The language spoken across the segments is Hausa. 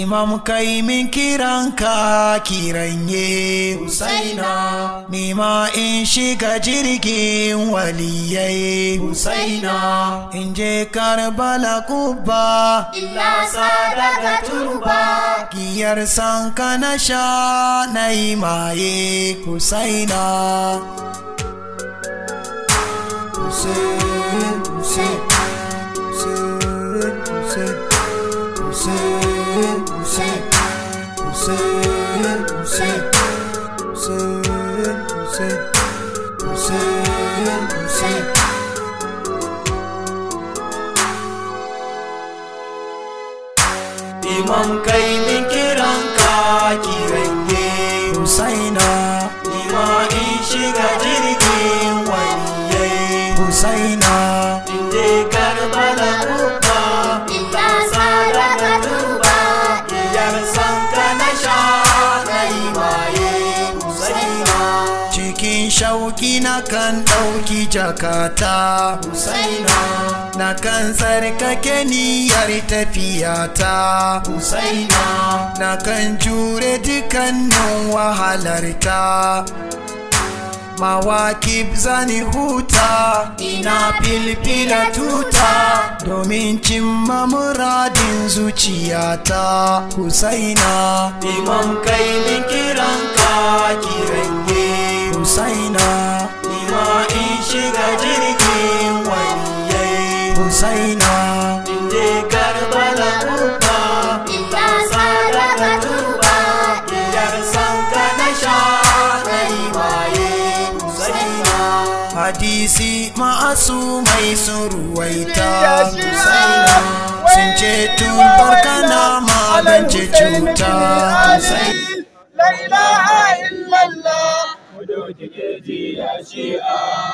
Imam kai min kiranka kiranye Husaina Nima in shiga jirgin waliyai Husaina In je Karbala kubba Illa sadaka turba Giyar sanka na sha na maye Husaina Hussein, Hussein, Hussein, Hussein, você, você. sarki kan ɗauki jakata Husaina na kan tsarkake niyyar tafiyata Husaina na kan jure dukkanin wahalarta mawakib zani huta ina filfila tuta domin cimma muradin zuciyata husaina imam kai kiranka kiranye husaina shiga jirgin wani yayi husaina inje karbala kurba inda tsara ka turba diyar sanka na sha kai waye husaina hadisi ma'asu mai suruwaita husaina sun ce tun tubar kana magance cuta husaina la ilaha illallah mu doke ji ya shi'a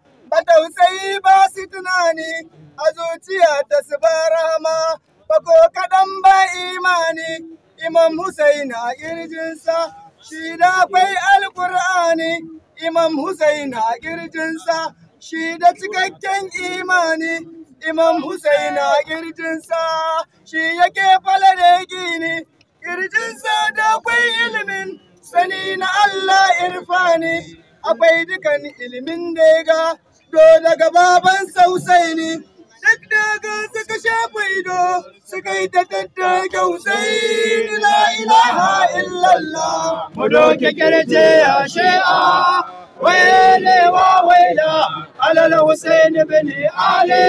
ba tausayi ba su tunani a zuciya ta su ba rahama ba ko kaɗan ba imani imam Hussein a ƙirjinsa shi da akwai alƙur'ani imam Hussein na ƙirjinsa shi da cikakken imani imam Hussein na ƙirjinsa shi yake fala da gini ƙirjinsa da akwai ilimin sani na Allah irfani akwai dukan ilimin da ya ga to daga babansa Husaini duk daga suka shafa ido suka yi ta tattake Husaini la ilaha illallah mu doke kirje ya shi'a waile wa waila alal Husaini bin Ali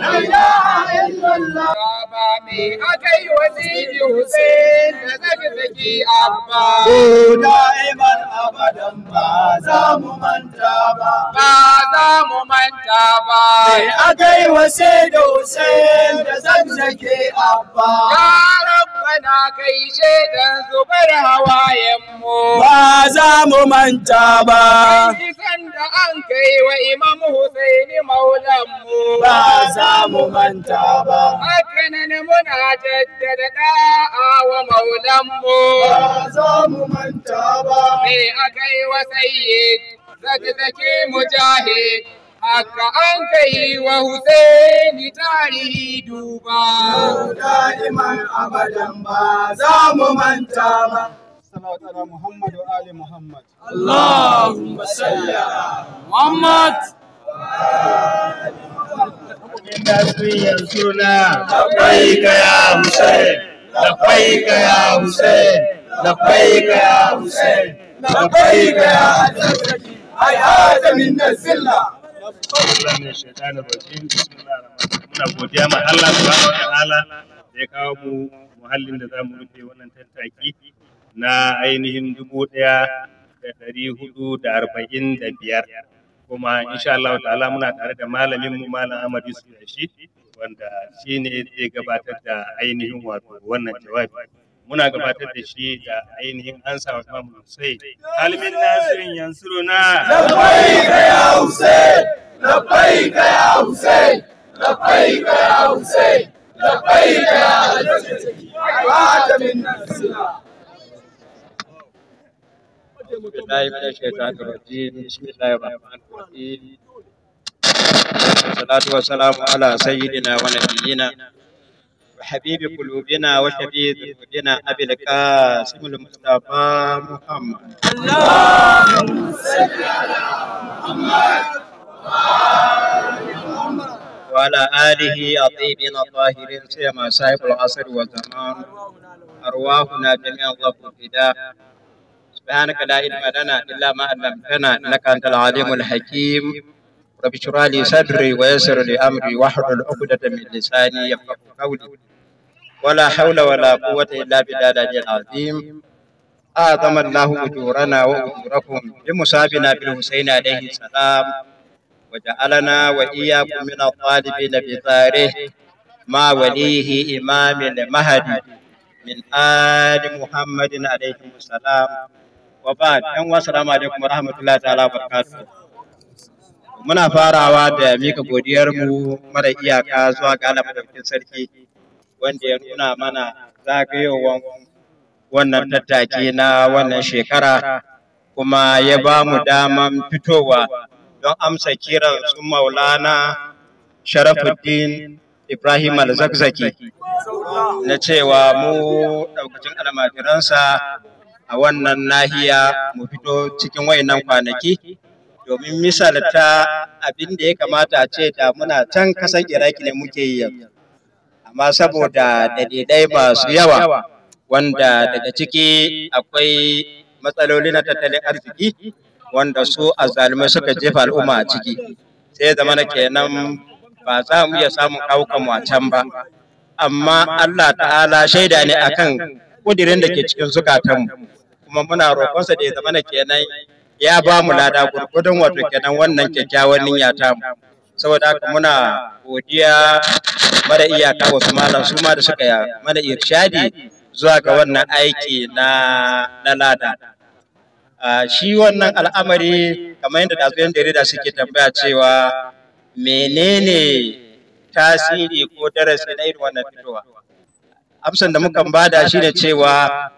la ilaha illallah baba me akai wasiji Husaini arziki abba da'iman abadan ba za mu manta ba ba za mu manta ba sai akai wase da Hussein da zanzake abba ya rabbana kai shaidan zubar hawayen mu ba za mu manta ba da an kai wa Imam Hussein Husaini mu Ba za mu manta ba. Hakanan muna jaddada da'a wa mu Ba za mu manta ba. Me aka yi wa sayyid, zaki zaki mujahid. Haka an kai wa Hussein tarihi duba. Yau da'iman abadan ba za mu manta ba. salawat ala Muhammad wa ali Muhammad. Allahumma salli ala Muhammad. Inda suyan suna labbaik ya Hussein labbaik ya Hussein labbaik ya Hussein labbaik ya Hussein Allah ne muna godiya ya kawo mu muhallin da zamu rufe wannan tattaki na ainihin dubu ɗaya da ɗari hudu da arba'in da biyar kuma insha Allah ta'ala muna tare da malamin mu malam Ahmad Yusuf shi wanda shi ne zai gabatar da ainihin wato wannan jawabi muna gabatar da shi da ainihin ansa wa Imam Hussein Alimin Nasirin Labbai ka ya Hussein ka ya Hussein ka ya Hussein ka ya Hussein wa ta min nasira بالله من الشيطان الرجيم بسم الله الرحمن الرحيم والصلاة والسلام على سيدنا ونبينا وحبيب قلوبنا وشفيع ذنوبنا أبي القاسم المصطفى محمد اللهم صل على محمد وعلى آله الطيبين الطاهرين سيما صاحب العصر والزمان أرواحنا جميعا الله فداه سبحانك لا علم لنا إلا ما علمتنا إنك أنت العليم الحكيم رب اشرح لي صدري ويسر لي أمري واحلل عقدة من لساني يفقه قولي ولا حول ولا قوة إلا بالله العظيم أعظم الله أجورنا وأجوركم بمصابنا بالحسين عليه السلام وجعلنا وإياكم من الطالبين بثاره ما وليه إمام المهدي من آل محمد عليه السلام ɗan wasu rama da kuma rahmatullah ta ala barakatuh muna farawa da mika godiyar mu mara iyaka zuwa ga sarki wanda ya nuna mana zagayowar wannan tattaki na wannan shekara kuma ya ba mu daman fitowa don amsa kiran su maulana sharafuddin Ibrahim al-Zakzaki na cewa mu ɗaukacin almajiransa a wannan nahiya mu fito cikin wayannan kwanaki domin misalta abin da ya kamata a ce da muna can kasan iraki ne muke yi yanzu amma saboda dalilai masu yawa wanda daga ciki akwai matsaloli na tattalin arziki wanda su a azzalumai suka jefa al'umma a ciki sai zama na kenan ba za mu iya samun mu a ba amma Allah ta'ala shaida ne akan kudirin da ke cikin zukatanmu kuma muna roƙonsa da ya zama na kenan ya ba mu lada gurgudun wato kenan wannan kyakkyawan niyya ta mu saboda haka muna godiya mara iyaka wasu malam su ma da suka mana irshadi zuwa ga wannan aiki na na lada shi wannan al'amari kamar yadda ɗazuyan jarida suke tambaya cewa menene tasiri ko darasi na irin wannan fitowa amsan da mukan bada shine cewa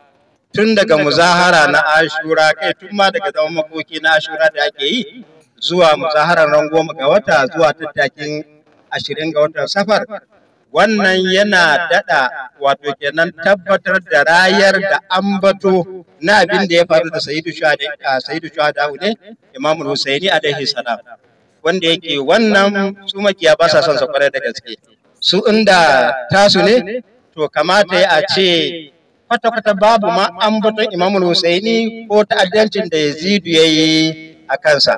tun daga muzahara na ashura kai tun ma daga zaman makoki na ashura da ake yi zuwa muzaharar ran goma ga wata zuwa tattakin ashirin ga watan safar wannan yana daɗa wato kenan tabbatar da rayar da ambato na abin da ya faru da sayidu shuhada ne imamul husaini alaihi salam wanda yake wannan su makiya ba sa son sa kwarai da gaske su inda tasu ne to kamata ya ce kwata-kwata babu ma an batun imamul husaini ko ta'addancin da yazidu ya yi a kansa